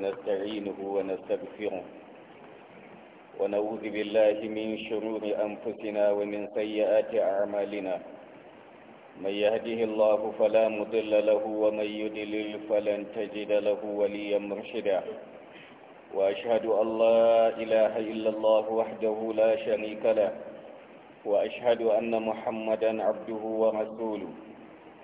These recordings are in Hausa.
ونستعينه ونستغفره ونعوذ بالله من شرور أنفسنا ومن سيئات أعمالنا من يهده الله فلا مضل له ومن يدلل فلن تجد له وليا مرشدا وأشهد أن لا إله إلا الله وحده لا شريك له وأشهد أن محمدا عبده ورسوله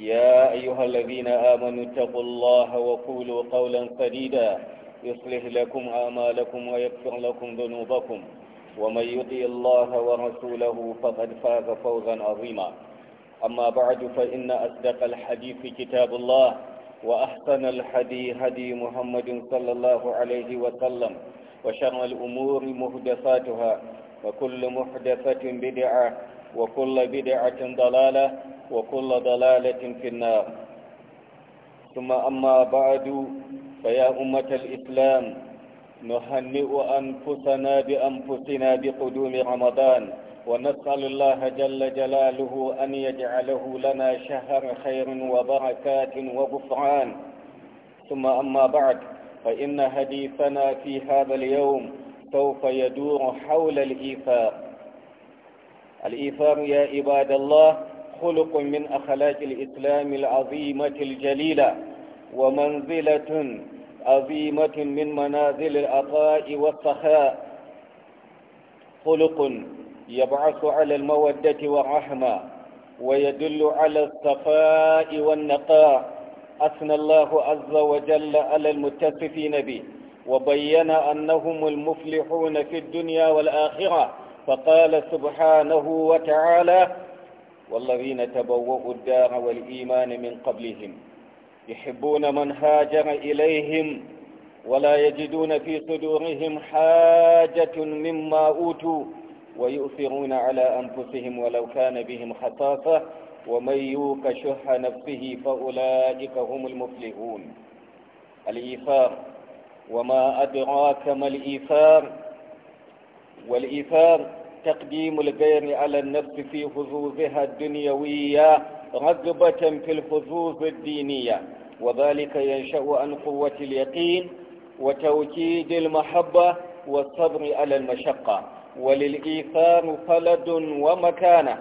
يا أيها الذين آمنوا اتقوا الله وقولوا قولا سديدا يصلح لكم أعمالكم ويغفر لكم ذنوبكم ومن يطع الله ورسوله فقد فاز فوزا عظيما أما بعد فإن أصدق الحديث كتاب الله وأحسن الحدي هدي محمد صلى الله عليه وسلم وشر الأمور محدثاتها وكل محدثة بدعة وكل بدعة ضلالة وكل ضلالة في النار ثم أما بعد فيا أمة الإسلام نهنئ أنفسنا بأنفسنا بقدوم رمضان ونسأل الله جل جلاله أن يجعله لنا شهر خير وبركات وغفران ثم أما بعد فإن حديثنا في هذا اليوم سوف يدور حول الإيثار الإيثار يا عباد الله خلق من أخلاق الإسلام العظيمة الجليلة ومنزلة عظيمة من منازل العطاء والسخاء خلق يبعث على المودة والرحمة ويدل على الصفاء والنقاء أثنى الله عز وجل على المتصفين به وبين أنهم المفلحون في الدنيا والآخرة فقال سبحانه وتعالى والذين تبوؤوا الدار والإيمان من قبلهم يحبون من هاجر إليهم ولا يجدون في صدورهم حاجة مما أوتوا ويؤثرون على أنفسهم ولو كان بهم خطافة ومن يوق شح نفسه فأولئك هم المفلحون الإيثار وما أدراك ما الإيثار والإيثار تقديم الغير على النفس في حظوظها الدنيوية رغبة في الحظوظ الدينية وذلك ينشأ عن قوة اليقين وتوكيد المحبة والصبر على المشقة وللإيثار فلد ومكانة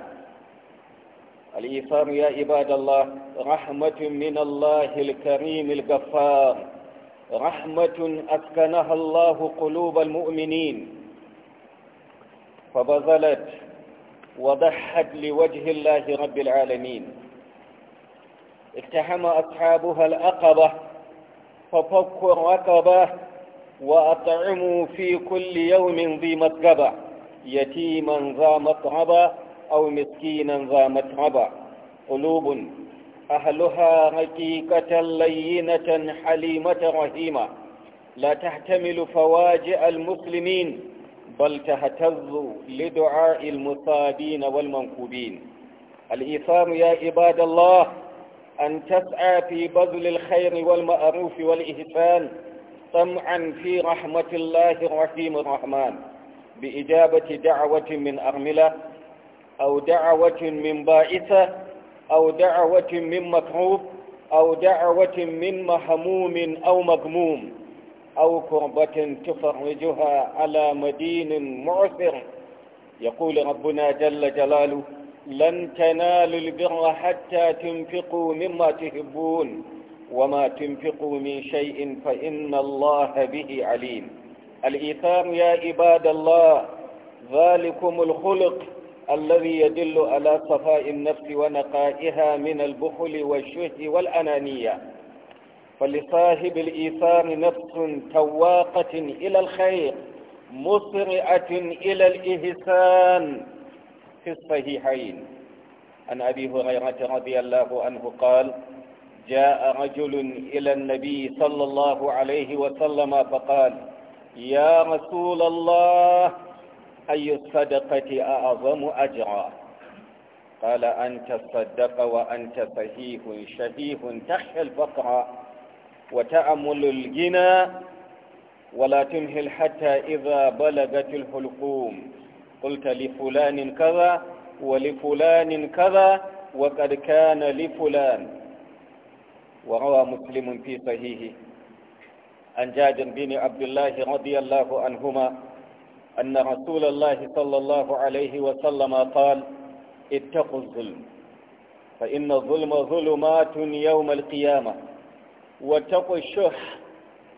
الإيثار يا عباد الله رحمة من الله الكريم الغفار رحمة أسكنها الله قلوب المؤمنين فبذلت وضحت لوجه الله رب العالمين اتهم أصحابها الأقبة ففكوا الرقبة وأطعموا في كل يوم ذي مسقبة يتيما ذا مطربة أو مسكينا ذا مطربة قلوب أهلها رقيقة لينة حليمة رحيمة لا تحتمل فواجئ المسلمين بل تهتز لدعاء المصابين والمنكوبين الإيثار يا عباد الله أن تسعى في بذل الخير والمعروف والإحسان طمعا في رحمة الله الرحيم الرحمن بإجابة دعوة من أرملة أو دعوة من بائسة أو دعوة من مكروب أو دعوة من مهموم أو مغموم أو كربة تفرجها على مدين معثر يقول ربنا جل جلاله لن تنالوا البر حتى تنفقوا مما تحبون وما تنفقوا من شيء فإن الله به عليم الإيثار يا عباد الله ذلكم الخلق الذي يدل على صفاء النفس ونقائها من البخل والشهد والأنانية فلصاحب الإيثار نفس تواقة إلى الخير مسرعة إلى الإهسان في الصحيحين عن أبي هريرة رضي الله عنه قال جاء رجل إلى النبي صلى الله عليه وسلم فقال يا رسول الله أي الصدقة أعظم أجرا قال أنت الصدق وأنت صحيح شهيه تخشى الفقر وتأمل الجنى ولا تمهل حتى إذا بلغت الحلقوم قلت لفلان كذا ولفلان كذا وقد كان لفلان وروى مسلم في صحيحه عن جابر بن عبد الله رضي الله عنهما أن رسول الله صلى الله عليه وسلم قال اتقوا الظلم فإن الظلم ظلمات يوم القيامة واتقوا الشح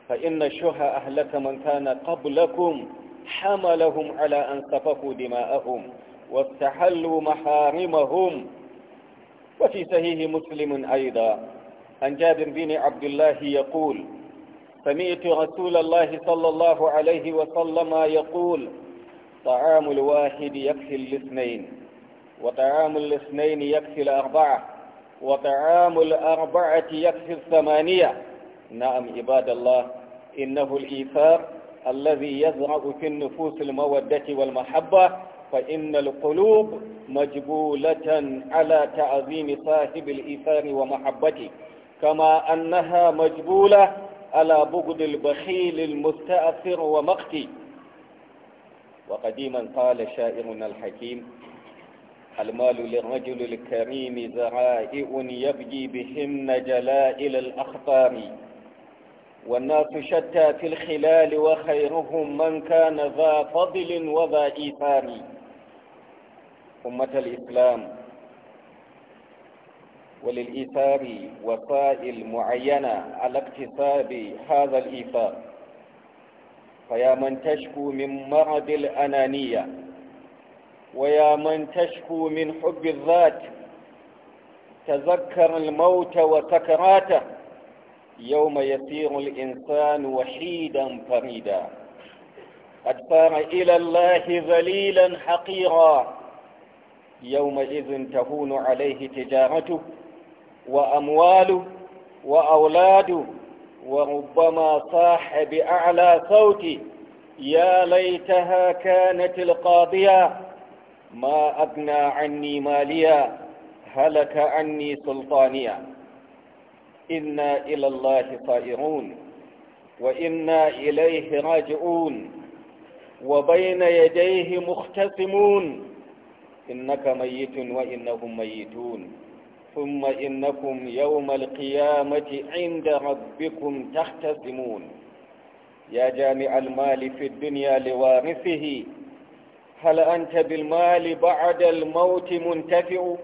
فإن الشح أهلك من كان قبلكم حملهم على أن سفكوا دماءهم واستحلوا محارمهم وفي صحيح مسلم أيضا عن جابر بن عبد الله يقول سمعت رسول الله صلى الله عليه وسلم يقول طعام الواحد يكفي الاثنين وطعام الاثنين يكفي الأربعة وطعام الأربعة يكفي الثمانية نعم عباد الله إنه الإيثار الذي يزرع في النفوس المودة والمحبة فإن القلوب مجبولة على تعظيم صاحب الإيثار ومحبته كما أنها مجبولة على بغض البخيل المستأثر ومقتي وقديما قال شاعرنا الحكيم المال للرجل الكريم زرائع يبجي بهن جلائل الأخطار والناس شتى في الخلال وخيرهم من كان ذا فضل وذا إيثار أمة الإسلام وللإيثار وسائل معينة على اكتساب هذا الإيثار فيا من تشكو من مرض الأنانية ويا من تشكو من حب الذات تذكر الموت وسكراته يوم يسير الإنسان وحيدا فريدا قد صار إلى الله ذليلا حقيرا يومئذ تهون عليه تجارته وأمواله وأولاده وربما صاح بأعلى صوته يا ليتها كانت القاضية ما أغنى عني ماليا هلك عني سلطانيا إنا إلى الله صائرون وإنا إليه راجعون وبين يديه مختصمون إنك ميت وإنهم ميتون ثم إنكم يوم القيامة عند ربكم تختصمون يا جامع المال في الدنيا لوارثه هل أنت بالمال بعد الموت منتفع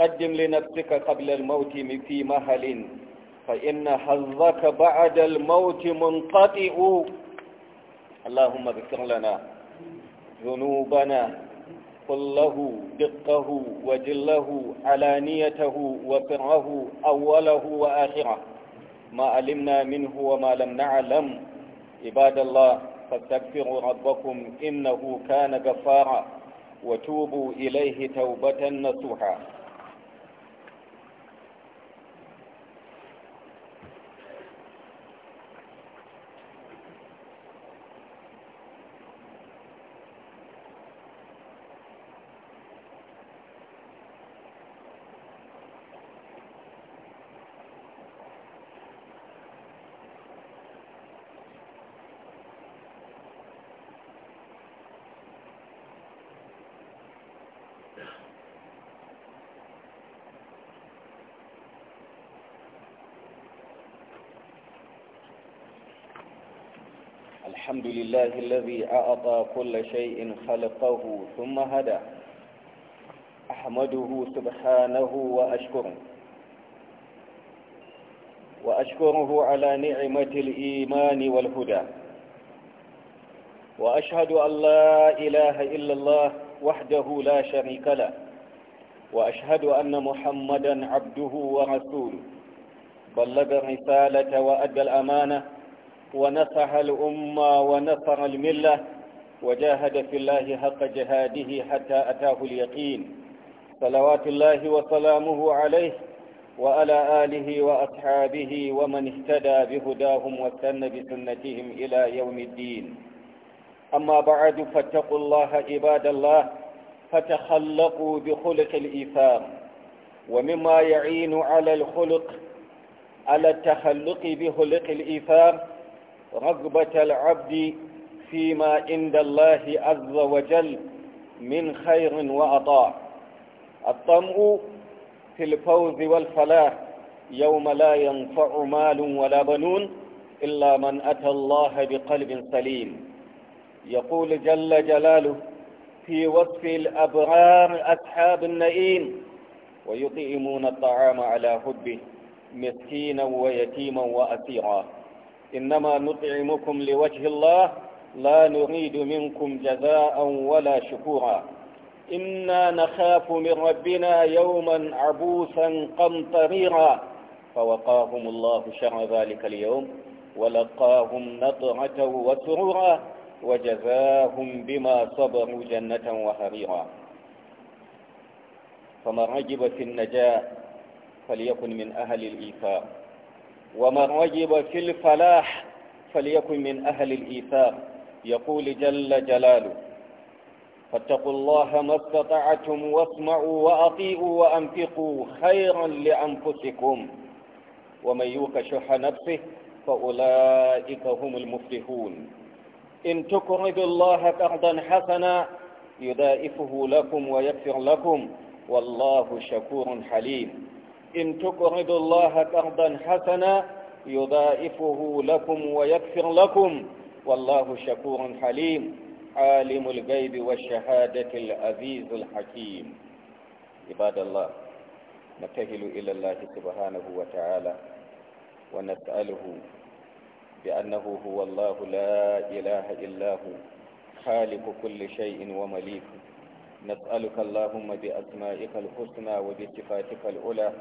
قدم لنفسك قبل الموت في مهل فإن حظك بعد الموت منقطع اللهم اغفر لنا ذنوبنا كله دقه وجله علانيته وفره أوله وآخره ما علمنا منه وما لم نعلم عباد الله فاستغفروا ربكم إنه كان غفارا وتوبوا إليه توبة نصوحا لله الذي أعطى كل شيء خلقه ثم هدى أحمده سبحانه وأشكره وأشكره على نعمة الإيمان والهدى وأشهد أن لا إله إلا الله وحده لا شريك له وأشهد أن محمدا عبده ورسوله بلغ الرسالة وأدى الأمانة ونصح الأمة ونصر الملة وجاهد في الله حق جهاده حتى أتاه اليقين صلوات الله وسلامه عليه وعلى آله وأصحابه ومن اهتدى بهداهم واستنى بسنتهم إلى يوم الدين أما بعد فاتقوا الله عباد الله فتخلقوا بخلق الإيثار ومما يعين على الخلق على التخلق بخلق الإيثار رغبة العبد فيما عند الله عز وجل من خير وعطاء الطمع في الفوز والفلاح يوم لا ينفع مال ولا بنون إلا من أتى الله بقلب سليم يقول جل جلاله في وصف الأبرار أصحاب النعيم ويطعمون الطعام على حبه مسكينا ويتيما وأسيرا إنما نطعمكم لوجه الله لا نريد منكم جزاء ولا شكورا إنا نخاف من ربنا يوما عبوسا قمطريرا فوقاهم الله شر ذلك اليوم ولقاهم نضرة وسرورا وجزاهم بما صبروا جنة وحريرا فمن رجب في النجاة فليكن من أهل الإيثار ومن رجب في الفلاح فليكن من أهل الإيثار يقول جل جلاله فاتقوا الله ما استطعتم واسمعوا وأطيعوا وأنفقوا خيرا لأنفسكم ومن يوق شح نفسه فأولئك هم المفلحون إن تقرضوا الله قرضا حسنا يضاعفه لكم ويغفر لكم والله شكور حليم إن تقرضوا الله قرضا حسنا يضاعفه لكم ويكفر لكم والله شكور حليم عالم الغيب والشهادة العزيز الحكيم عباد الله نتهل إلى الله سبحانه وتعالى ونسأله بأنه هو الله لا إله إلا هو خالق كل شيء ومليك نسألك اللهم بأسمائك الحسنى وبصفاتك العلى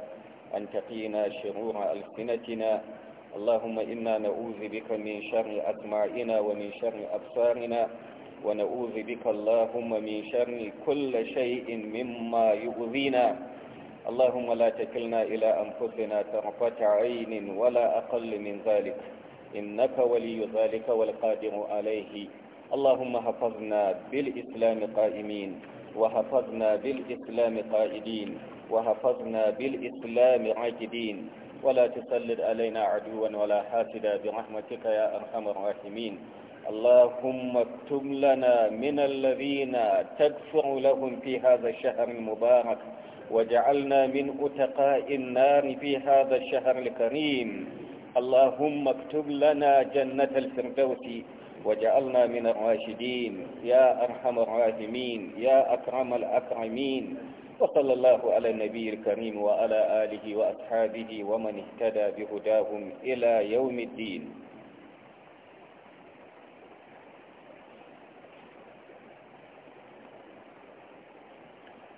أن تقينا شرور ألسنتنا اللهم إنا نعوذ بك من شر أسماعنا ومن شر أبصارنا ونعوذ بك اللهم من شر كل شيء مما يؤذينا اللهم لا تكلنا إلى أنفسنا طرفة عين ولا أقل من ذلك إنك ولي ذلك والقادر عليه اللهم حفظنا بالإسلام قائمين وحفظنا بالإسلام قائدين وحفظنا بالإسلام عاجدين ولا تسلل علينا عدوا ولا حاسدا برحمتك يا أرحم الراحمين اللهم اكتب لنا من الذين تدفع لهم في هذا الشهر المبارك وجعلنا من أتقاء النار في هذا الشهر الكريم اللهم اكتب لنا جنة الفردوس وجعلنا من الراشدين يا أرحم الراحمين يا أكرم الأكرمين وصلى الله على النبي الكريم وعلى آله وأصحابه ومن اهتدى بهداهم إلى يوم الدين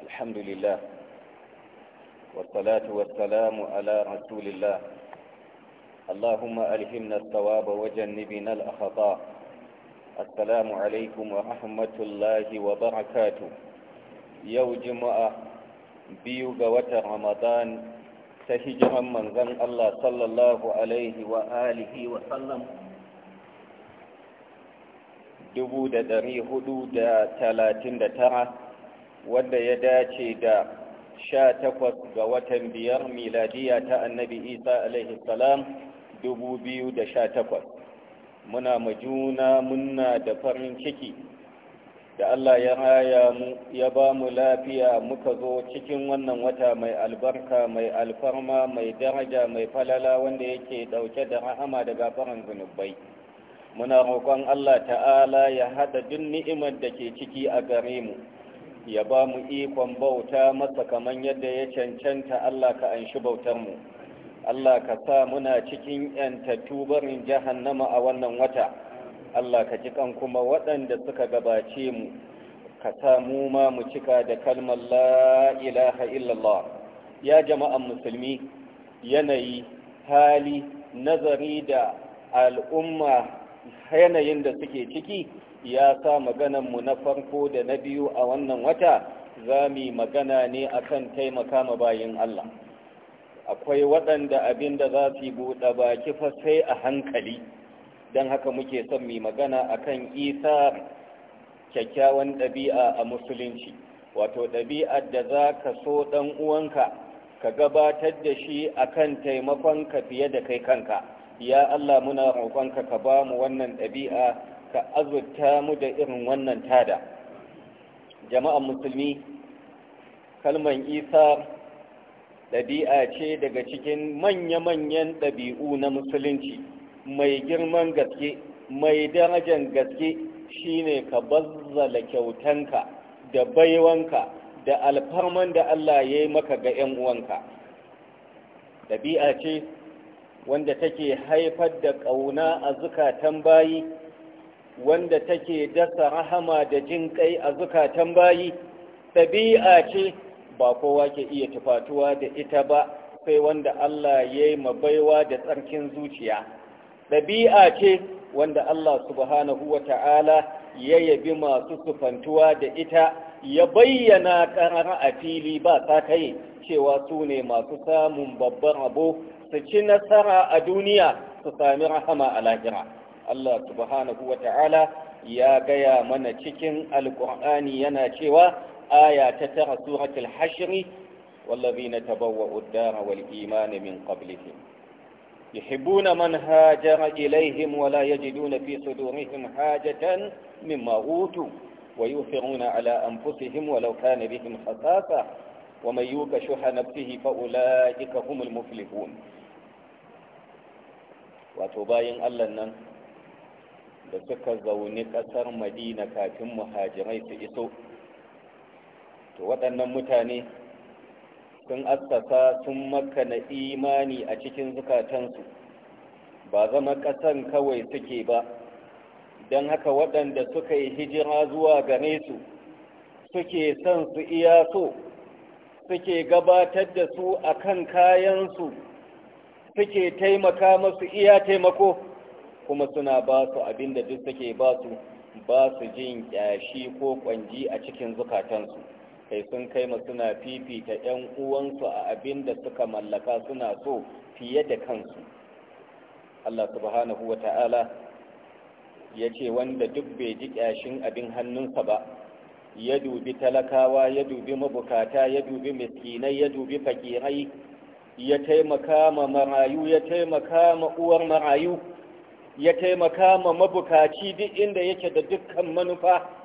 الحمد لله والصلاة والسلام على رسول الله اللهم ألهمنا الثواب وجنبنا الأخطاء السلام عليكم ورحمة الله وبركاته yau juma'a biyu ga watan ramadan ta hijiran manzan Allah sallallahu alaihi wa alihi wa sallam tara, wanda ya dace da sha takwas ga watan biyar miladiya ta annabi isa alaihi salam takwas. muna majuna muna da farin ciki da Allah ya haya mu ya ba mu lafiya muka zo cikin wannan wata mai albarka mai alfarma mai daraja mai falala wanda yake dauke da rahama da gafaran zunubai muna roƙon Allah ta'ala ya hada duk ni'imar da ke ciki a gare mu ya ba mu ikon bauta masa kaman yadda ya cancanta Allah ka anshi bautar mu Allah ka sa muna cikin 'yan barin jahannama a wannan wata Allah ka ji kan kuma waɗanda suka gabace mu ka samu ma mu cika da kalmar la ilaha illallah ya jama'an musulmi yanayi hali nazari da al'umma yanayin da suke ciki ya sa mu na farko da na biyu a wannan wata za mu magana ne akan taimaka ma bayin Allah akwai waɗanda abin da za su buɗe baki fa sai a hankali don haka muke son mai magana akan isa kyakkyawan ɗabi'a a musulunci wato ɗabi'ar da za ka so ɗan uwanka ka gabatar da shi akan taimakon ka fiye da kai kanka ya Allah muna roƙonka ka ba mu wannan ɗabi'a ka azurta mu da irin wannan tada jama'an musulmi kalman isa ɗabi'a ce daga cikin manya-manyan ɗabi'u na musulunci mai girman gaske mai darajan gaske shine ka bazzala kyautanka da baiwanka da alfarman da Allah ya yi maka ga 'yan uwanka ɗabi'a ce wanda take haifar da ƙauna a zukatan bayi wanda take dasa rahama da jin kai a zukatan bayi ɗabi'a ce ba kowa ke iya tufatuwa da ita ba sai wanda Allah ya yi mabaiwa da tsarkin zuciya ɗabi'a ce wanda Allah subhanahu wa ta'ala ya yabi masu sufantuwa da ita ya bayyana ƙarar a fili ba ta kai cewa su ne masu samun babban rabo su ci nasara a duniya su sami rahama a lahira Allah subhanahu wa ta'ala ya gaya mana cikin alƙur'ani yana cewa aya ta tara suratul hashri wallazina tabawwa'u ad-dara wal imana min qablihim يحبون من هاجر إليهم ولا يجدون في صدورهم حاجة مما أوتوا ويؤثرون على أنفسهم ولو كان بهم خصاصة ومن يوق شح نفسه فأولئك هم المفلحون وتباين ألنا نن da suka مدينة ƙasar madina kafin إسوء su sun asaka sun makana imani a cikin zukatansu ba zama ƙasan kawai suke ba don haka waɗanda suka yi hijira zuwa gare su suke son su iya so suke gabatar da su akan kayansu suke taimaka masu iya taimako kuma suna ba su abinda duk suke ba su ba su jin ƙyashi ko ƙwanji a cikin zukatansu kai sun kai ma suna fifita 'yan uwansu a abin da suka mallaka suna so fiye da kansu Allah subhanahu wa ta'ala ya ce wanda duk bai ji ƙyashin abin hannunsa ba ya dubi talakawa ya dubi mabukata ya dubi miskinai ya dubi fakirai ya taimaka ma marayu ya taimaka ma uwar marayu ya taimaka ma mabukaci duk inda yake da dukkan manufa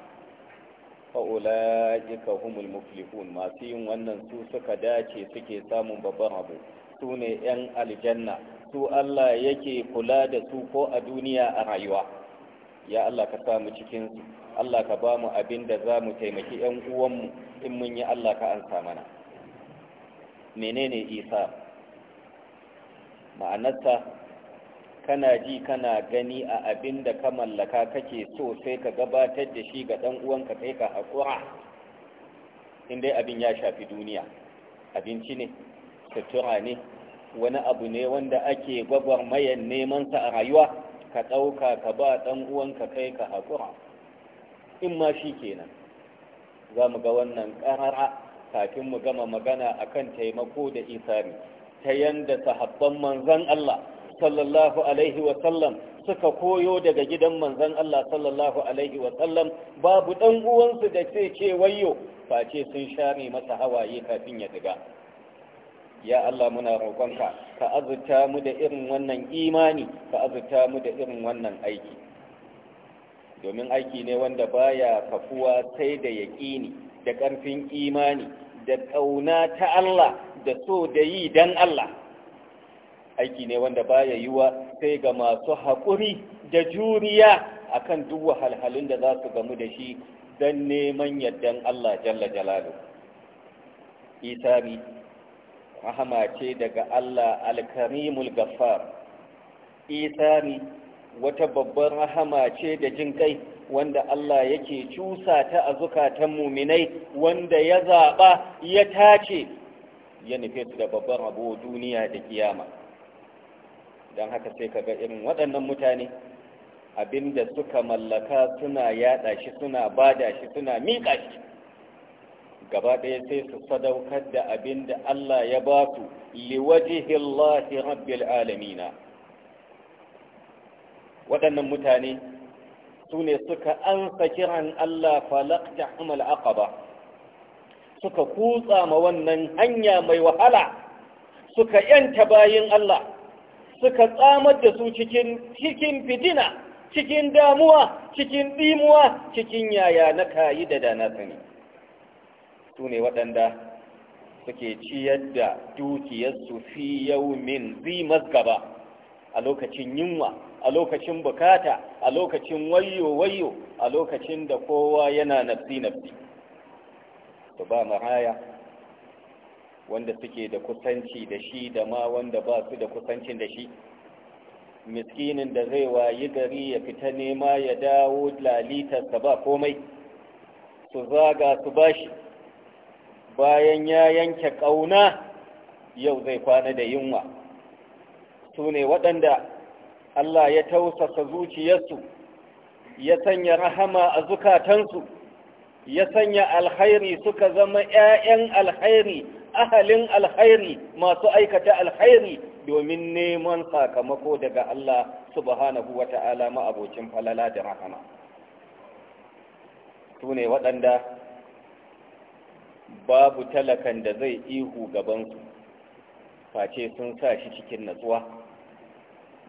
fa'ula'ika humul muflihun masu yin wannan su suka dace suke samun babban abu su ne 'yan aljanna su Allah yake kula da su ko a duniya a rayuwa ya Allah ka samu cikinsu Allah ka ba abin da za mu taimaki 'yan uwanmu in mun yi Allah ka ansa mana menene isa ma'anarta kana ji kana gani a abin da ka mallaka kake so sai ka gabatar da shi ga ɗan'uwanka kai ka haƙura dai abin ya shafi duniya abinci ne sutura ne wani abu ne wanda ake neman sa a rayuwa ka ɗauka ka ba ɗan uwanka kai ka haƙura in ma shi kenan za mu ga wannan ƙarara kafin mu gama magana akan taimako da isari ta yanda sahabban manzon Allah sallallahu alaihi wasallam suka koyo daga gidan manzon Allah sallallahu alaihi wasallam babu ɗan uwansu da ce ce wayo face sun share masa hawaye kafin ya diga ya Allah muna roƙonka ka azurta mu da irin wannan imani ka azurta mu da irin wannan aiki domin aiki ne wanda baya kafuwa sai da yaƙini da ƙarfin imani da ƙauna ta Allah da so da yi dan Allah aiki ne wanda baya yiwa sai ga masu haƙuri da juriya akan duk wahalhalun da za su gamu da shi don neman yardan Allah jalla jalalu isabi rahama ce daga Allah alkarimul Gafar. isari wata babbar rahama ce da jin kai wanda Allah yake cusa ta a zukatan muminai wanda ya zaɓa ya tace ya nufe su da babban rabo duniya da kiyama don haka sai ka ga irin waɗannan mutane abinda suka mallaka suna yada shi suna bada shi suna miƙa shi gaba ɗaya sai su sadaukar da abinda Allah ya ba su liwajihillahi rabbil alamina waɗannan mutane su ne suka ansa kiran Allah falakta hamal aqaba suka kutsa ma wannan hanya mai wahala suka yanta bayin Allah suka tsamar da su cikin fitina cikin damuwa cikin ɗimuwa cikin yaya na kayi da dana sani su ne waɗanda suke ciyar da dukiyarsu fi yawmin zimas gaba a lokacin yunwa a lokacin bukata a lokacin wayo-wayo a lokacin da kowa yana nafsi-nafsi su ba maraya wanda suke da kusanci da shi da ma wanda ba su da kusancin da shi miskinin da zai wayi gari ya fita nema ya dawo lalitarsa ba komai su zaga su bashi bayan ya yanke ƙauna yau zai kwana da yunwa su ne waɗanda Allah ya tausasa zuciyarsu ya sanya rahama a zukatansu ya sanya alkhairi suka zama ‘ya'yan alkhairi ahalin alkhairi masu aikata alkhairi domin neman sakamako daga Allah subhanahu wa ta'ala ma'abocin falala da rahama su ne waɗanda babu talakan da zai ihu gabansu face sun sa shi cikin natsuwa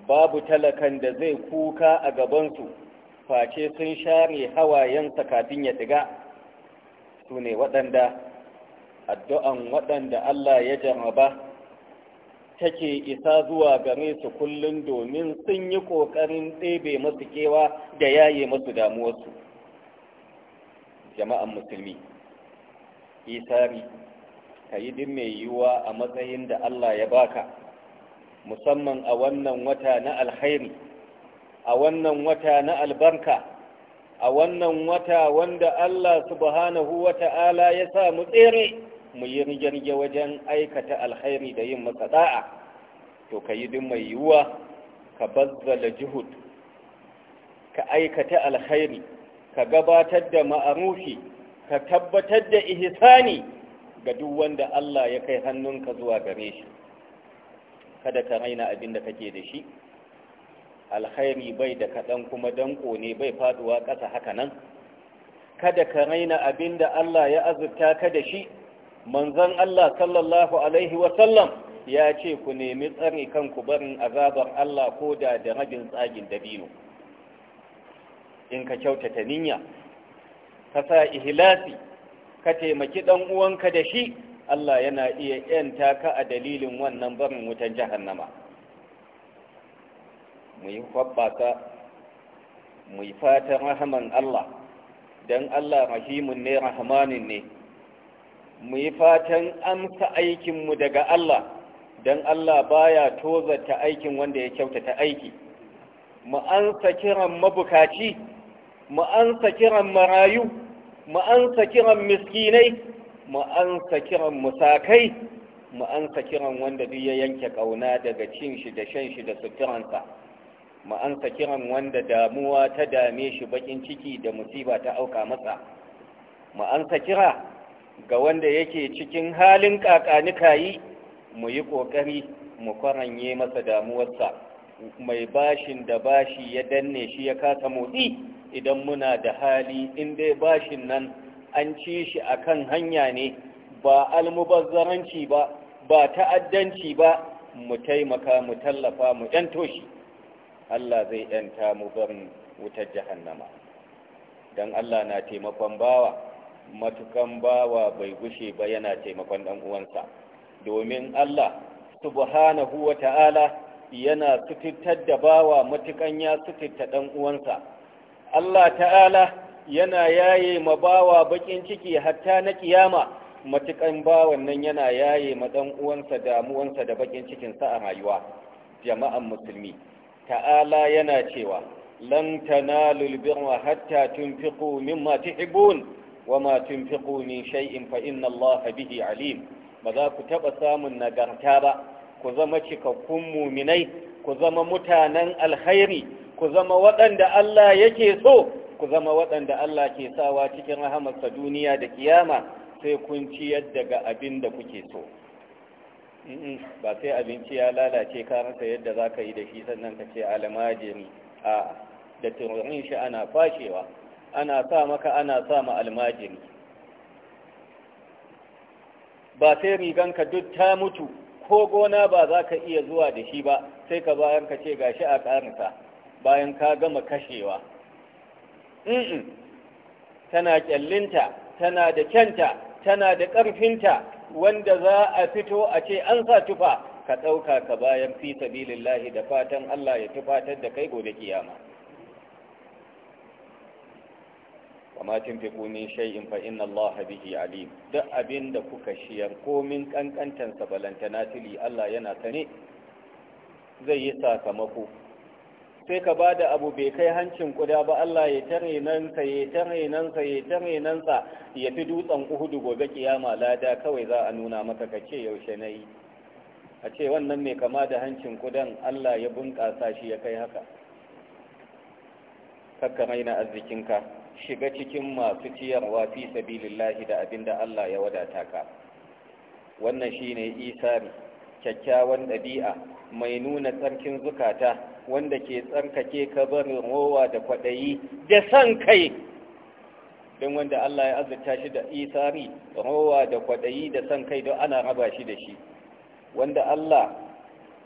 babu talakan da zai kuka a gabansu face sun share hawayensa kafin ya diga su ne waɗanda addu'an waɗanda Allah ya jaraba take isa zuwa gare su kullum domin sun yi ƙoƙarin ɗebe masu kewa da yaye masu damuwarsu jama'an musulmi isari ka yi din mai yiwuwa a matsayin da Allah ya baka musamman a wannan wata na alhairi a wannan wata na albarka a wannan wata wanda Allah subhanahu wa ta'ala ya samu tsere mu yi rige wajen aikata alkhairi da yin masa da'a to ka yi din mai yiwuwa ka bazzala juhud ka aikata alkhairi ka gabatar da ma'arufi ka tabbatar da ihsani ga duk wanda Allah ya kai hannunka zuwa gare shi kada ka raina abin da kake da shi alkhairi bai da kaɗan kuma danko ne bai faduwa ƙasa haka nan kada ka raina abin da Allah ya azurta ka da shi manzon Allah sallallahu alaihi wasallam ya ce ku nemi tsare ku barin azabar Allah ko da da rabin tsagin dabino in ka kyautata niyya ka sa ihlasi ka taimaki dan uwanka da shi Allah yana iya ‘yanta ka a dalilin wannan barin wutan jahannama. Mu yi kwabbata, mu yi fatan rahaman Allah, don Allah rahimun ne rahamanin ne, mu yi fatan amsa aikinmu daga Allah don Allah baya ta aikin wanda ya kyautata aiki mu kiran mabukaci mu kiran marayu mu kiran miskinai mu kiran musakai mu ansa kiran wanda duk ya yanke ƙauna daga cin shi da shan shi da suturansa mu kiran wanda damuwa ta dame shi bakin ciki da musiba ta auka masa mu kira ga wanda yake cikin halin ƙaƙanika yi mu yi ƙoƙari mu kwaranye masa damuwarsa mai bashin da bashi ya danne shi ya kasa motsi idan muna da hali in dai bashin nan an ci shi a kan hanya ne ba almubazzaranci ba ba ta'addanci ba mu taimaka mu tallafa mu ‘yanto shi Allah zai ‘yanta mu barin wutar jahannama don Allah na taimakon bawa matukan bawa bai gushe ba yana taimakon ɗan uwansa domin Allah subhanahu wa ta'ala yana sutittar da bawa matukan ya sutitta dan uwansa Allah ta'ala yana yaye ma bawa bakin ciki hatta na kiyama matukan bawan nan yana yaye ma ɗan uwansa damuwansa da bakin cikin sa a rayuwa jama'an musulmi ta'ala yana cewa lan tanalul birra hatta tunfiqu mimma tuhibbun وما تنفقوا من شيء فإن الله به عليم بذاك تبسام النقرتابة كزما شككم مؤمني كزما متانا الخير كزما وطن الله يكيسو كزما وطن الله كيسا واتكن رحمة الدنيا دا كياما سيكون تيد دا أبين دا كيسو ba sai abinci ya lalace ka rasa yadda za ka yi da shi sannan ka ce alamajiri a da tururin shi ana fashewa ana sa maka ana sa ma almajiri ba sai riganka duk ta mutu ko gona ba za ka iya zuwa da shi ba sai ka bayan ka ce shi a karnta bayan ka gama kashewa mm tana kyallinta tana da kyanta tana da ƙarfinta wanda za a fito a ce an sa tufa ka ɗauka ka bayan fi sabilillahi da fatan Allah ya tufatar da kai gobe kiyama kama tunfiku min shay'in fa inna Allah bihi alim duk abin da kuka shiyar komin kankantan sa balantana tili Allah yana sane zai yi sakamako sai ka bada abu bai kai hancin kuda ba Allah ya tare nan sa ya tare nan sa ya tare nan sa ya fi dutsen Uhudu gobe kiyama lada kawai za a nuna maka ka ce yaushe nayi a ce wannan mai kama da hancin kudan Allah ya bunƙasa shi ya kai haka kakka na arzikinka shiga cikin masu ciyarwa fi sabilillahi da abinda Allah ya wadata ka wannan shine isari kyakkyawan ɗabi'a mai nuna tsarkin zukata wanda ke tsarkake ka bari rowa da kwaɗayi da san kai don wanda Allah ya azurta shi da isari rowa da kwaɗayi da san kai don ana raba shi da shi wanda Allah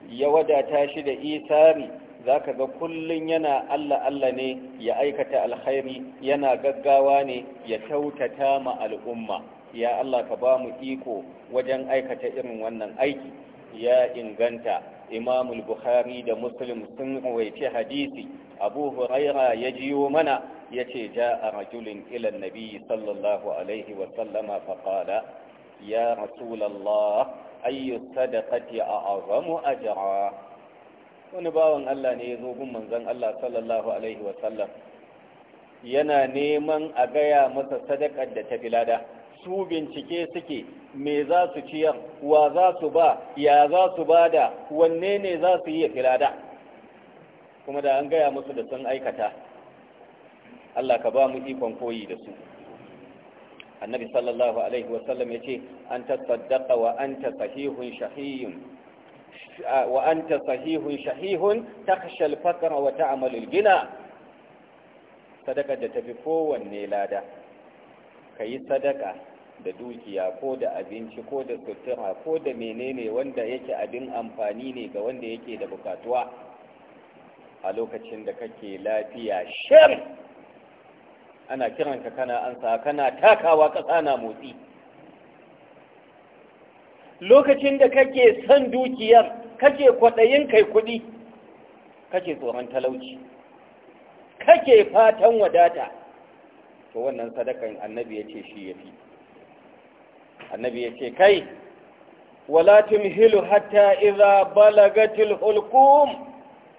ya wadata shi da isari za ka ga kullum yana Allah Allah ne ya aikata alkhairi yana gaggawa ne ya kyautata ma al'umma ya Allah ka ba mu iko wajen aikata irin wannan aiki ya inganta imamul bukhari da muslim sun rawaici hadisi abu huraira ya jiyo mana ya ce ja a rajulin ilan nabi sallallahu alaihi wasallama faƙada ya rasulallah ayyu sadaqati a azamu ajra wani bawan Allah ne ya zo gun manzon Allah sallallahu alaihi wa sallam yana neman a gaya masa sadakar da ta lada, su bincike suke me za su ciyar wa za su ba ya za su bada wanne ne za su yi lada? kuma da an gaya musu da sun aikata Allah ka ba mu ikon koyi da su annabi sallallahu alaihi wasallam ya ce an tasaddaqa wa anta sahihun shahiyun wa anta sahihun shahihun takhsha al-faqra wa al sadaka da tafi kowanne lada kayi sadaka da dukiya ko da abinci ko da sutura ko da menene wanda yake abin amfani ne ga wanda yake da bukatuwa a lokacin da kake lafiya shir ana kiranka kana ansa kana takawa ƙasa na motsi lokacin da kake son dukiyar kake kwaɗayin kai kuɗi kake tsoron talauci kake fatan wadata to wannan sadakan annabi ya ce shi ya fi annabi ya ce kai wala tumhilu hatta iza balagatil hulqum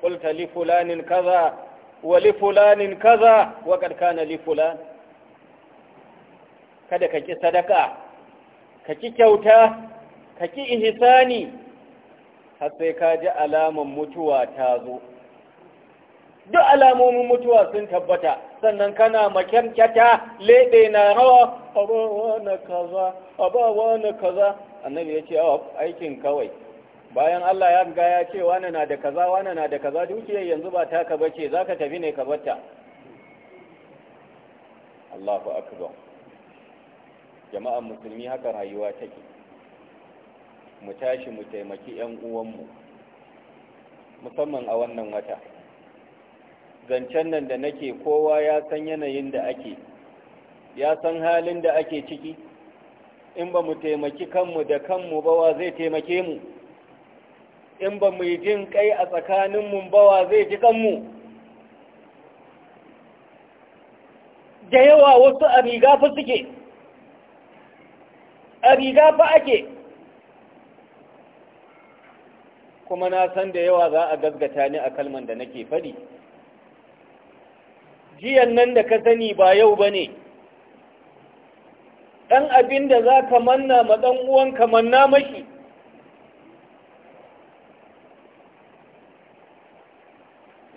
qulta li fulanin kaza wa li fulanin kaza wa kad kana li fulan kada ka ki sadaka ka ki kyauta ka ki ihsani har sai ka ji alaman mutuwa ta zo duk alamomin mutuwa sun tabbata sannan kana makyarkyata leɗe na rawa abawa na kaza abawa na kaza annabi ya ce awa aikin kawai bayan Allah ya ga ya ce wani na da kaza wani na da kaza dukiyar yanzu ba ta kaba ce, za ka tafi ne ka bata Allahu akbar jama'an musulmi haka rayuwa take mu tashi mu taimaki 'yan uwanmu musamman a wannan wata zancen nan da nake kowa ya san yanayin da ake ya san halin da ake ciki in ba mu taimaki kanmu da kanmu bawa zai taimake mu in ba mu yi jin kai a tsakaninmu bawa zai ji kanmu da yawa wasu a riga fa suke a riga fa ake kuma na san da yawa za a gasgata ni a kalman da nake faɗi jiyan nan da ka sani ba yau ba ne ɗan abin da za ka manna ma ɗan uwanka manna mashi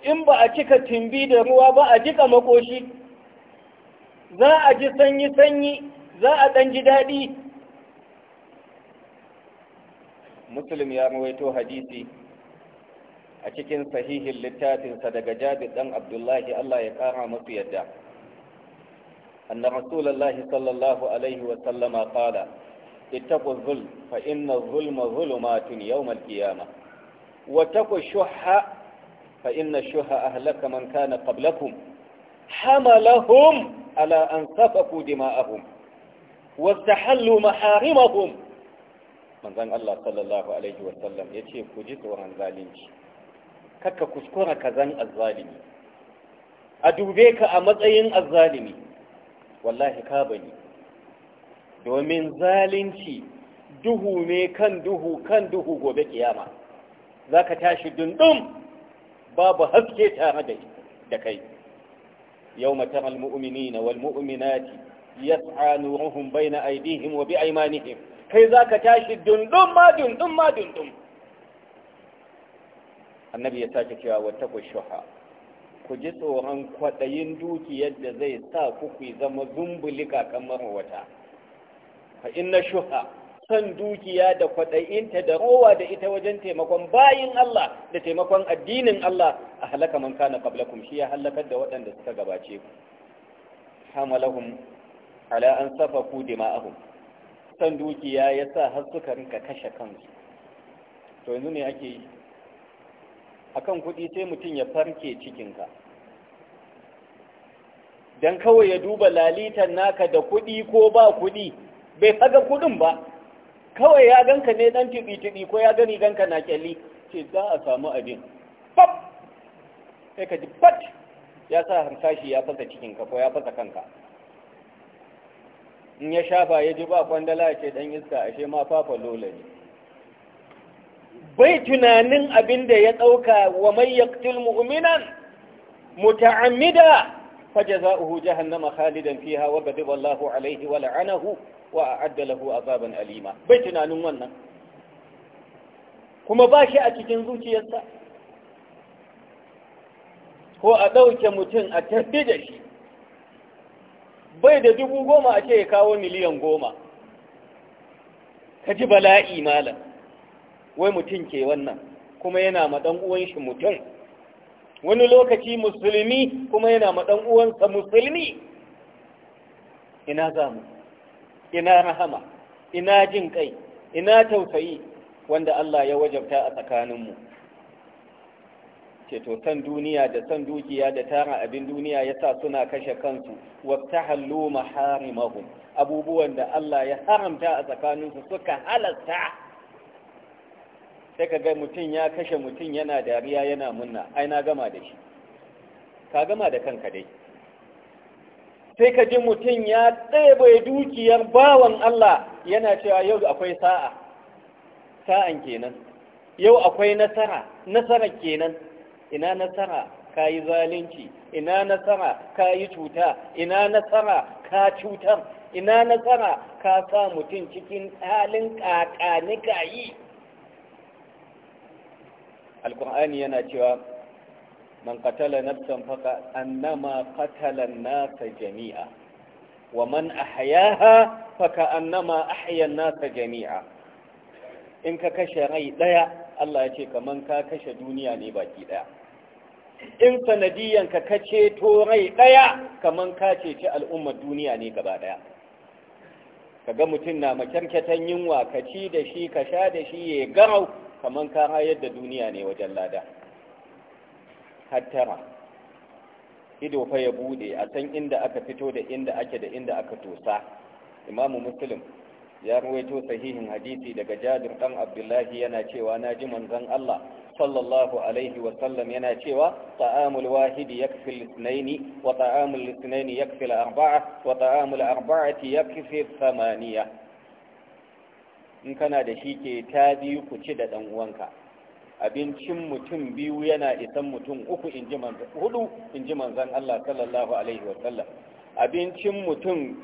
in ba a cika timbi da ruwa ba a jika makoshi za a ji sanyi-sanyi za a ɗan ji daɗi muslim ya rawaito hadisi a cikin sahihin littafinsa daga jabir dan abdullahi Allah ya kara musu yadda anna rasulullahi sallallahu alaihi wa sallama qala ittaqu dhulm fa inna dhulma dhulumatun yawm al-qiyamah wa taqu shuhha fa inna shuhha ahlaka man kana qablakum hamalahum ala an safaku dima'ahum واستحلوا محارمهم manzon Allah sallallahu alaihi wasallam yace ku ji tsoron zalunci kakka kuskura ka zan azzalimi a dube ka a matsayin azzalimi wallahi ka bani domin zalunci duhu ne kan duhu kan duhu gobe kiyama zaka tashi dundum babu haske tare da kai يوم ترى المؤمنين والمؤمنات يسعى نورهم بين أيديهم وبأيمانهم kai za ka tashi dundun ma dundun ma dundun annabi ya sake cewa wata ku shuha ku ji tsoron kwaɗayin dukiyar da zai sa ku ku zama zumbulika kamar wata fa inna shuha san dukiya da kwaɗayinta da rowa da ita wajen taimakon bayin Allah da taimakon addinin Allah a halaka man kana qablakum shi ya halakar da waɗanda suka gabace ku hamalahum ala an safaku dima'ahum san dukiya ya sa har suka rinka kashe kansu to yanzu ne ake yi A kan kuɗi sai mutum ya farke cikinka don kawai ya duba lalitan naka da kuɗi ko ba kuɗi bai faga kuɗin ba kawai ya ganka ne ɗan tuɗi-tuɗi ko ya gani ganka na kyalli ce za a samu abin fab sai ka ji fat ya sa harsashi ya fasa cikinka ko ya fasa kanka in ya shafa ya ji ba kwandala ce dan iska ashe ma fafa lola ne bai tunanin abin da ya ɗauka wa mai yaqtul mu'minan muta'ammida fajaza'uhu jahannama khalidan fiha wa ghadiba Allahu alaihi wa la'anahu wa a'adda lahu azaban alima bai tunanin wannan kuma ba shi a cikin zuciyarsa ko a ɗauke mutum a tafi da shi bai da dubu goma a ce ya kawo miliyan goma ka ji bala'i malam wai mutum ke wannan kuma yana maɗan uwan shi mutum wani lokaci musulmi kuma yana maɗan uwansa musulmi ina zamu ina rahama ina jin kai ina tausayi wanda Allah ya wajabta a tsakaninmu ceto san duniya da san dukiya da tara abin duniya yasa suna kashe kansu wata hallo maharimahu abubuwan da Allah ya haramta a tsakaninsu suka halasta sai ka ga mutum ya kashe mutum yana dariya yana munna ai na gama da shi ka gama da kanka dai sai ka ji mutum ya tsebe dukiyar bawan Allah yana cewa yau akwai sa'a sa'an kenan yau akwai nasara nasara kenan ina nasara ka yi zalunci ina nasara ka yi cuta ina nasara ka cutar ina nasara ka sa mutum cikin halin kakani ka yi alkur'ani yana cewa man qatala nafsan faka annama qatala nasa jami'a wa man ahyaha faka annama ahyan nasa jami'a in ka kashe rai daya Allah ya ce kaman ka kashe duniya ne baki daya in sanadiyan ka ka ceto rai ɗaya kaman ka ceci al'ummar duniya ne gaba ɗaya kaga mutum na makarkatan yunwa ka ci da shi ka sha da shi ya garau kaman ka rayar da duniya ne wajen lada hattara ido fa ya bude a san inda aka fito da inda ake da inda aka tosa imamu muslim ya ruwaito sahihin hadisi daga jadir dan abdullahi yana cewa na ji manzon Allah sallallahu alaihi wa sallam yana cewa ta'amul wahidi yakfi lisnaini wa ta'amul lisnaini yakfi al-arba'a wa ta'amul arba'ati yakfi thamaniya in kana da shi ke ta biyu ku ci da ɗan uwanka abincin mutum biyu yana isan mutum uku in ji manzon Allah sallallahu alaihi wa sallam abincin mutum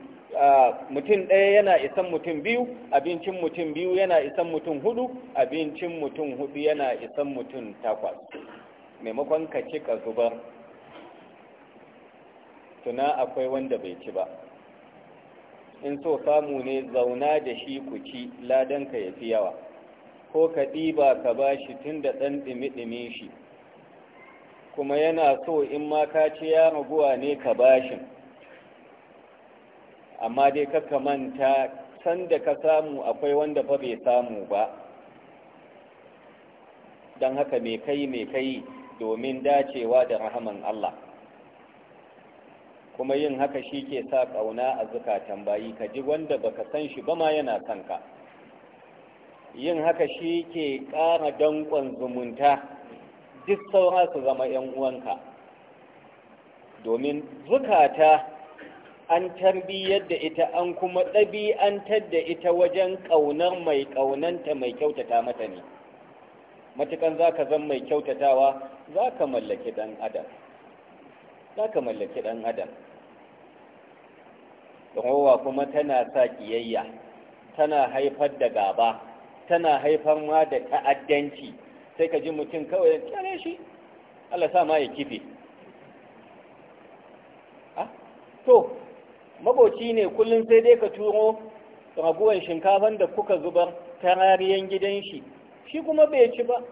mutum ɗaya yana isan mutum biyu abincin mutum biyu yana isan mutum hudu abincin mutum hudu yana isan mutum takwas maimakon ka ci ka zubar tuna akwai wanda bai ci ba in so samu ne zauna da shi ku ci ladanka ya fi yawa ko ka ɗiba ka ba shi tun da ɗan ɗimi-ɗimi shi kuma yana so in ma ka ci ya raguwa ne ka bashin amma dai ka manta sanda ka samu akwai wanda fa bai samu ba don haka mai kai mai kai domin dacewa da rahaman Allah kuma yin haka shi ke sa ƙauna a zukatan bayi ka ji wanda baka san shi ba ma yana son ka yin haka shi ke ƙara danƙon zumunta duk saura su zama 'yan uwanka domin zukata an tarbiyyar da ita an kuma ɗabi'antar da ita wajen ƙaunar mai ƙaunanta mai kyautata mata ne matukan za ka zan mai kyautatawa za ka mallaki ɗan adam za ka mallaki ɗan adam rowa kuma tana sa ƙiyayya tana haifar da gaba tana haifar ma da ta'addanci sai ka ji mutum kawai kyale shi Allah sa ma ya kife ah, to maboci ne kullum sai dai ka turo raguwan shinkafan da kuka zubar ta gidan shi shi kuma bai ci ba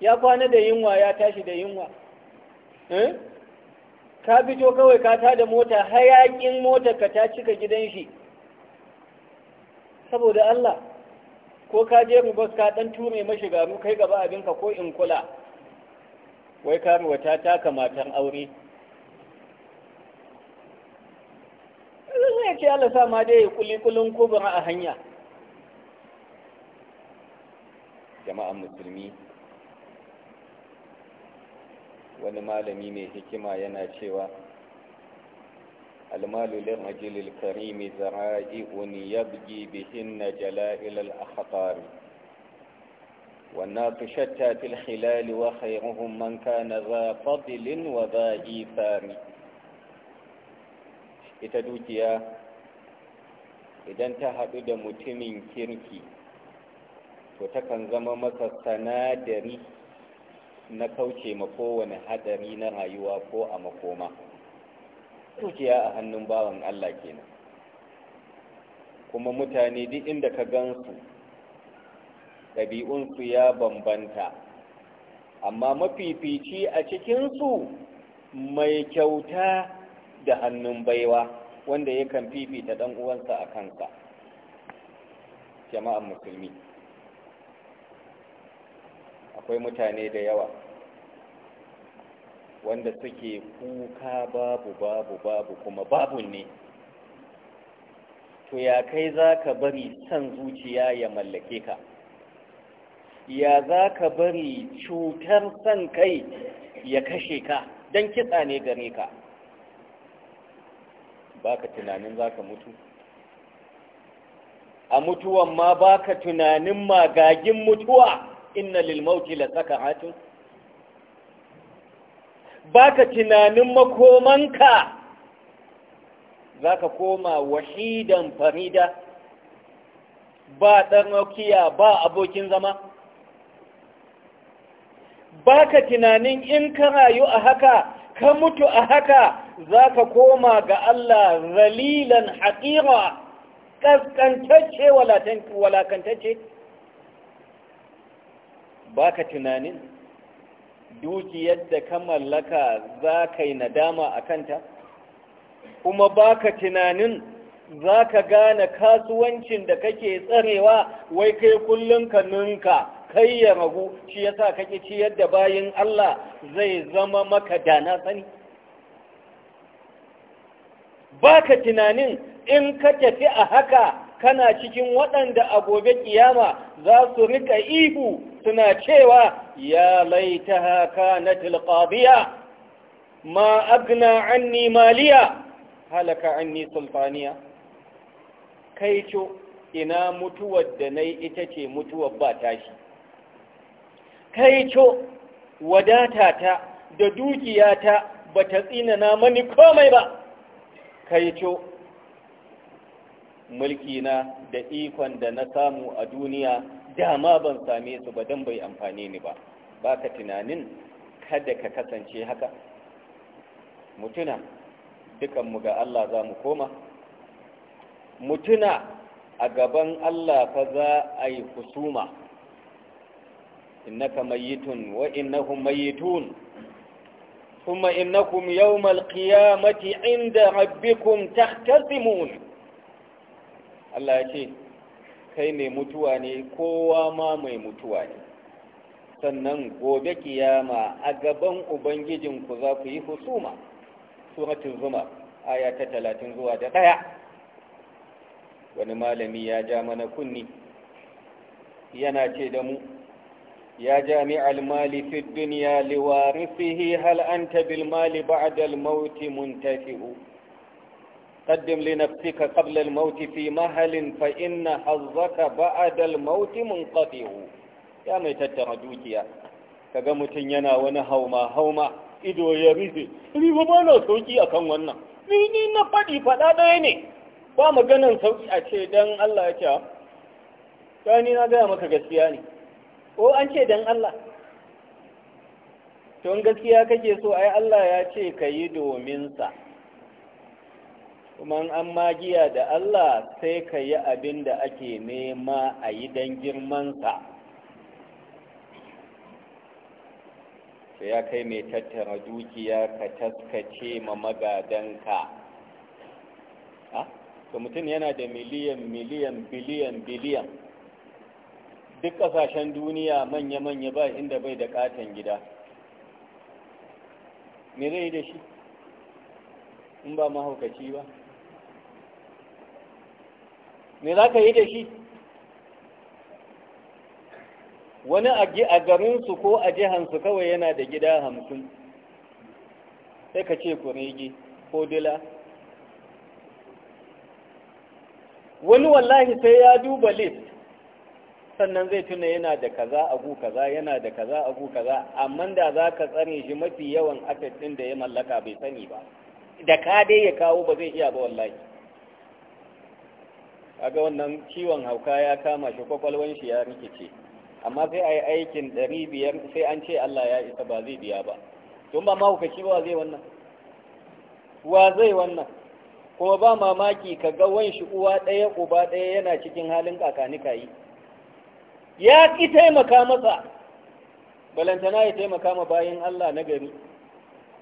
ya kwana da yunwa ya tashi da yunwa eh? ka fito kawai ka tada mota hayakin motar ka ta cika gidan shi saboda Allah ko ka je rubas ka dan ture mashi garu kai gaba abinka ko in kula wai karuwa ta taka matan aure zai ce Allah sa ma dai kuli kulun kubra a hanya jama'an musulmi wani malami mai hikima yana cewa almalu lil rajulil karimi zara'i'un yabgi bihinna jala'il al-akhtar والناس fil في الخلال وخيرهم من كان za فضل وذا إيثار ita dukiya idan ta haɗu da mutumin kirki to takan zama masa sanadari na kauce ma kowane hadari na rayuwa ko a makoma dukiya a hannun bawan Allah kenan kuma mutane duk inda ka gansu ɗabi'unsu ya bambanta amma mafifici a cikinsu mai kyauta da hannun baiwa wanda ya yakan fifita ɗan uwansa a kansa jama'an musulmi akwai mutane da yawa wanda suke kuka babu babu babu kuma babu ne to ya kai za ka bari san zuciya ya mallake ka ya za ka bari cutar san kai ya kashe ka don kitsa ne gare ka baka tunanin zaka mutu a mutuwan ma baka tunanin magagin mutuwa inna lil mauti la sakahatun baka tunanin makomanka zaka koma wahidan farida ba ɗan ba abokin zama baka tunanin in ka rayu a haka ka mutu a haka za ka koma ga Allah zalilan haƙira ƙasƙantacce walakantacce ba ka tunanin dukiyar da ka mallaka za ka yi nadama a kanta kuma ba ka tunanin za ka gane kasuwancin da kake tsarewa wai kai kullum ka ninka kai ya ragu shi sa kake ciyar yadda bayan Allah zai zama maka dana sani ba ka tunanin in ka tafi a haka kana cikin waɗanda a gobe ƙiyama za su rika ihu suna cewa ya laita haka na tilqabiya ma agna anni maliya halaka anni sulfaniya kai co ina mutuwar da na ita ce mutuwar ba tashi kai co wadatata da dukiyata ba ta tsinana mani komai ba Kaico, mulki na da ikon da na samu a duniya dama ban same su ba don bai amfani ni ba ba ka tunanin kada ka kasance haka mutuna dukanmu ga Allah za mu koma mutuna a gaban Allah fa za a yi husuma innaka mayitun wa innahum mayitun ثم إنكم يوم القيامة عند ربكم تختصمون الله يتي kai mai mutuwa ne kowa ma mai mutuwa ne sannan gobe kiyama a gaban ubangijinku za ku yi husuma suratun zuma aya ta talatin zuwa da ɗaya wani malami ya ja mana kunni yana ce da mu يا جامع المال في الدنيا لوارثه هل أنت بالمال بعد الموت منتفئ قدم لنفسك قبل الموت في مهل فإن حظك بعد الموت منقطع يا mai tattara dukiya kaga mutum yana wani hauma hauma ido ya rufe ni ba ba na sauki wannan ni ni na faɗi faɗa ne ba maganan a ce dan Allah ya na gaya maka gaskiya ne ko an ce don Allah tun gaskiya kake so ai Allah ya ce ka yi dominsa kuma an magiya da Allah sai ka yi abin da ake nema a yi don girmansa ya kai mai tattara dukiya ka taskace ma magadanka Ka to mutum yana da miliyan miliyan biliyan biliyan duk ƙasashen duniya manya-manya ba inda bai da katon gida me zai da shi in ba mahaukaci ba me za ka yi da shi wani a garinsu ko a jihansu kawai yana da gida hamsin sai ka ce kurege ko dila wani wallahi sai ya duba list sannan zai tuna yana da kaza agu kaza yana da kaza agu kaza amma da za ka tsare shi mafi yawan asset ɗin da ya mallaka bai sani ba da ka dai ya kawo ba zai iya ba wallahi kaga wannan ciwon hauka ya kama shi kwakwalwan shi ya rikice amma sai ai aikin ɗari biyar sai an ce Allah ya isa ba zai biya ba don ba mahaukaci ba zai wannan wa zai wannan kuma ba mamaki ka ga wanshi uwa ɗaya uba ɗaya yana cikin halin kakanika yi ya ƙi taimaka masa balantana ya taimaka ma bayan Allah na gari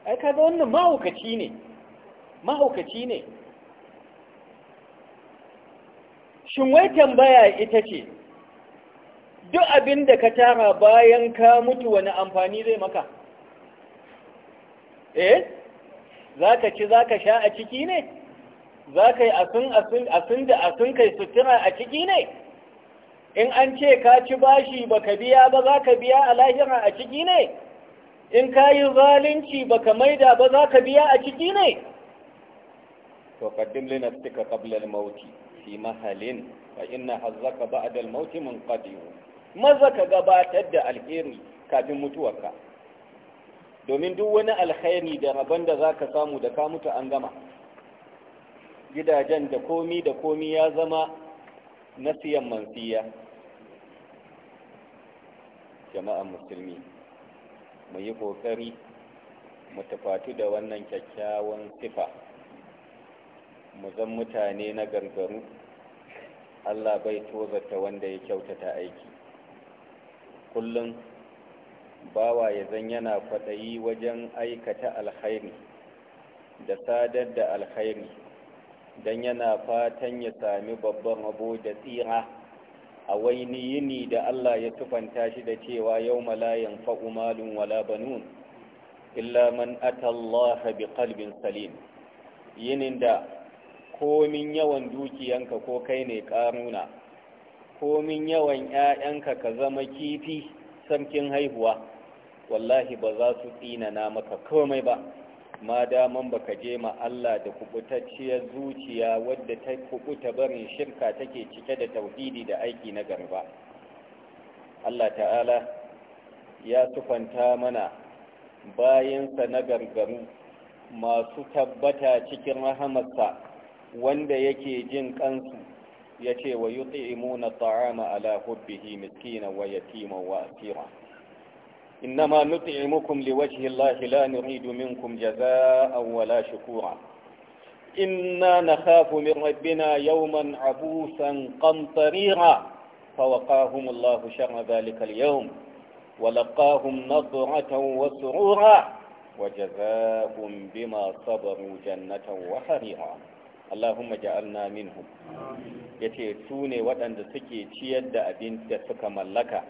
ai kaga wannan mahaukaci ne mahaukaci ne shin wai tambaya ita ce duk abin da ka tara bayan ka mutu wani amfani zai maka eh za ka ci za ka sha a ciki ne za ka yi asun da asun kai sutura a ciki ne in an ce ka ci bashi baka biya ba za ka biya a lahira a ciki ne in ka yi zalunci baka maida ba za ka biya a ciki ne to kaddim lina suka kablar mauti fi mahalin fa inna a ba'da al-mauti munqadim maza ka gabatar da alheri kafin mutuwarka domin duk wani alheri da rabon da za ka samu da ka mutu an gama gidajen da komi da komi ya zama nasiyan mansiya jama'a musulmi mu yi ƙoƙari mu tafatu da wannan kyakkyawan sifa mu zan mutane na gargaru allah bai tozarta wanda ya kyautata aiki kullum bawa ya zan yana kwaɗayi wajen aikata alkhairi da sadar da alkhairi don yana fatan ya sami babban rabo da tsira a waini yini da Allah ya tufanta shi da cewa yau malayan fa'umalin wala banun illa man atallaha bi kalbin salim yinin da komin yawan dukiyanka ko kai ne karuna komin yawan 'ya'yanka ka zama kifi samkin haihuwa wallahi ba za su tsinana maka komai ba ma daman baka je ma Allah da kubutacciyar zuciya wadda ta kubuta barin shirka take cike da tauhidi da aiki na garba Allah ta'ala ya tufanta mana bayansa na gargaru masu tabbata cikin rahamarsa wanda yake jin kansu ya ce wa yi ta'ama ala hubbihi miskina wa yatima wa asira إنما نطعمكم لوجه الله لا نريد منكم جزاء ولا شكورا إنا نخاف من ربنا يوما عبوسا قمطريرا فوقاهم الله شر ذلك اليوم ولقاهم نضرة وسرورا وجزاهم بما صبروا جنة وحريرا اللهم جعلنا منهم yace su ne waɗanda suke ciyar da abin da suka mallaka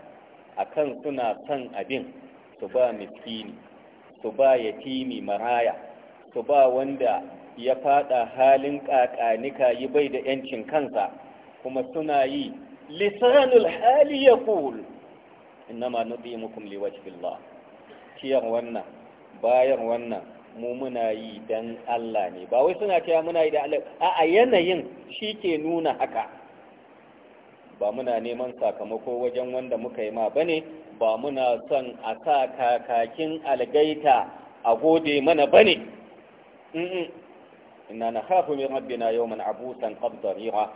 akan suna son abin su ba miskini su ba yatimi maraya su ba wanda ya fada halin kakanika yi bai da yancin kansa kuma suna yi lisanul hali ya kul innama nudimukum liwajhillah ciyar wannan bayar wannan mu muna yi dan Allah ne ba wai suna cewa muna yi da Allah a yanayin shi ke nuna haka ba muna neman sakamako wajen wanda muka yi ma ba ne ba muna son a sa kakakin algaita a gode mana ba ne. inna na hafu min rabbina yawman abusan qabdarira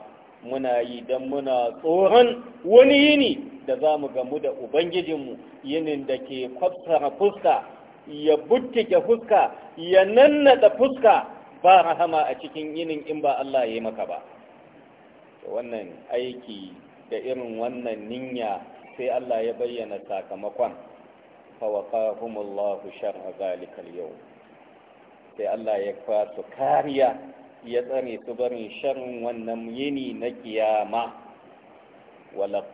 muna yi don muna tsoron wani yini da za mu gamu da ubangijinmu yinin da ke kwafsara fuska ya buttike fuska ya nannada fuska ba rahama a cikin yinin in ba Allah ya yi maka ba wannan aiki da irin wannan ninya sai Allah ya bayyana sakamakon fawaqahumullahu sharra zalikal yau sai Allah ya fasu kariya ya tsare su barin sharrin wannan yini na kiyama na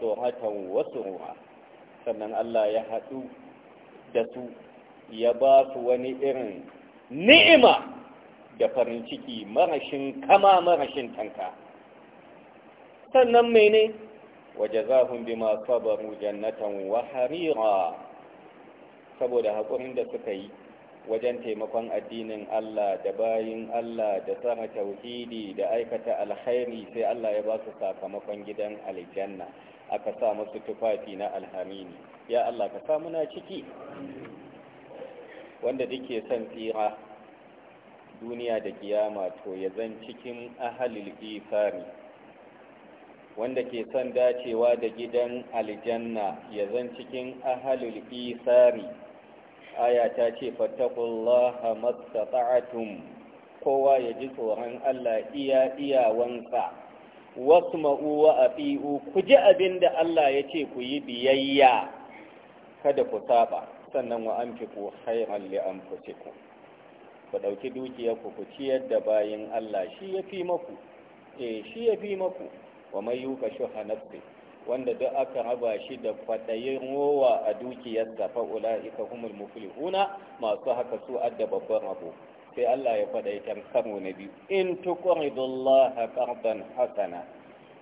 tsohatan wasu ruwa, sannan Allah ya haɗu da su ya ba su wani irin ni'ima da farin ciki marashin kama marashin tanka sannan mene wajazahum bima sabaru jannatan wa harira saboda haƙurin da suka yi wajen taimakon addinin Allah da bayin Allah da tsara tauhidi da aikata alkhairi sai Allah ya ba su sakamakon gidan aljanna aka sa musu tufafi na alhamini ya Allah ka sa muna ciki wanda dake son tsira duniya da kiyama to ya zan cikin ahalil ifari wanda ke son dacewa da gidan aljanna ya zan cikin ahalul isari aya ta ce fattakullaha mastata'atum kowa ya ji tsoron Allah iya iyawansa wasu ma'uwa a fi'u ku ji abinda Allah ya ce ku yi biyayya kada ku saba sannan wa an hairan li'an fusiku ku ɗauki dukiyarku ku ciyar da bayan Allah shi ya fi maku eh shi ya fi maku wa mai yuka shuha nafsi wanda duk aka raba shi da kwaɗayin rowa a dukiyarsa fa'ula ika humul muflihuna masu haka su adda babban rabo sai Allah ya faɗaitar karo na biyu in tuqridullaha qardan hasana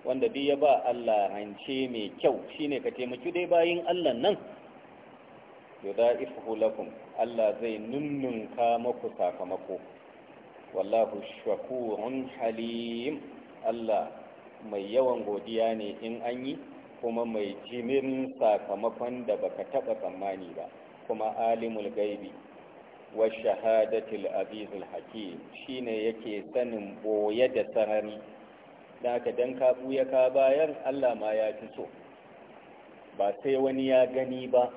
wanda duk ya ba Allah rance mai kyau shine ka taimaki dai bayin Allah nan yudaifu lakum Allah zai nunnunka maku sakamako wallahu shakurun halim Allah mai yawan godiya ne in an yi kuma mai jimirin sakamakon da baka taba tsammani ba kuma alimul gaibi wa shahadatul azizul hakim shine yake sanin boye da sarari da ka dan ka buya ka bayan Allah ma ya fi so ba sai wani ya gani ba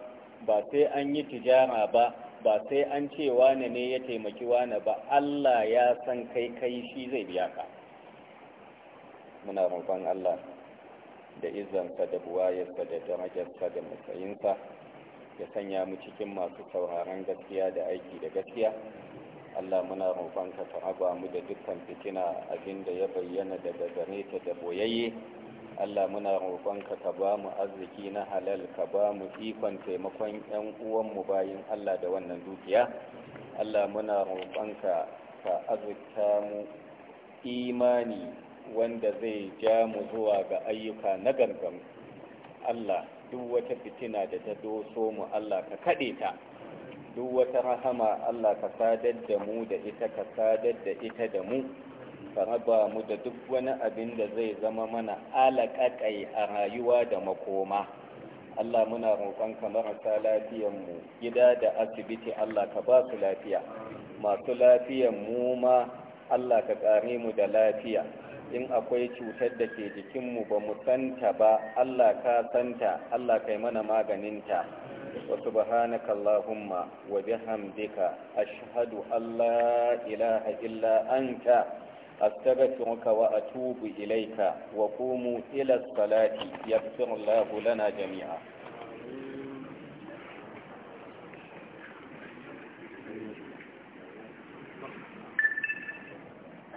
ba sai an yi tijara ba ba sai an ce wane ne ya taimaki wane ba Allah ya san kai kai shi zai biya ka muna roƙon Allah da izansa da buwayarsa da darajarsa da matsayinsa ya sanya mu cikin masu sauraron gaskiya da aiki da gaskiya Allah muna roƙonka ka raba mu da dukkan fitina abinda ya bayyana daga gare ta da boyayye Allah muna roƙon ka ba mu arziki na halal ka ba mu ikon taimakon 'yan uwanmu bayin Allah da wannan dukiya Allah muna roƙon ka azurta mu imani wanda zai ja mu zuwa ga ayyuka na gangan Allah duk wata fitina da ta doso mu Allah ka kaɗe ta duk wata rahama Allah ka sadar da mu da ita ka sadar da ita da mu ka raba mu da duk wani abin da zai zama mana alaƙaƙai a rayuwa da makoma Allah muna roƙon ka marasa mu gida da asibiti Allah ka ba su lafiya masu lafiyar mu ma Allah ka ƙare mu da lafiya in akwai cutar da ke jikinmu ba mu santa ba Allah ka santa Allah kai mana maganinta wa subhanaka allahumma wa bihamdika ashhadu an la ilaha illa anta astaghfiruka wa atubu ilayka wa qumu ila salati yaghfir lana jami'a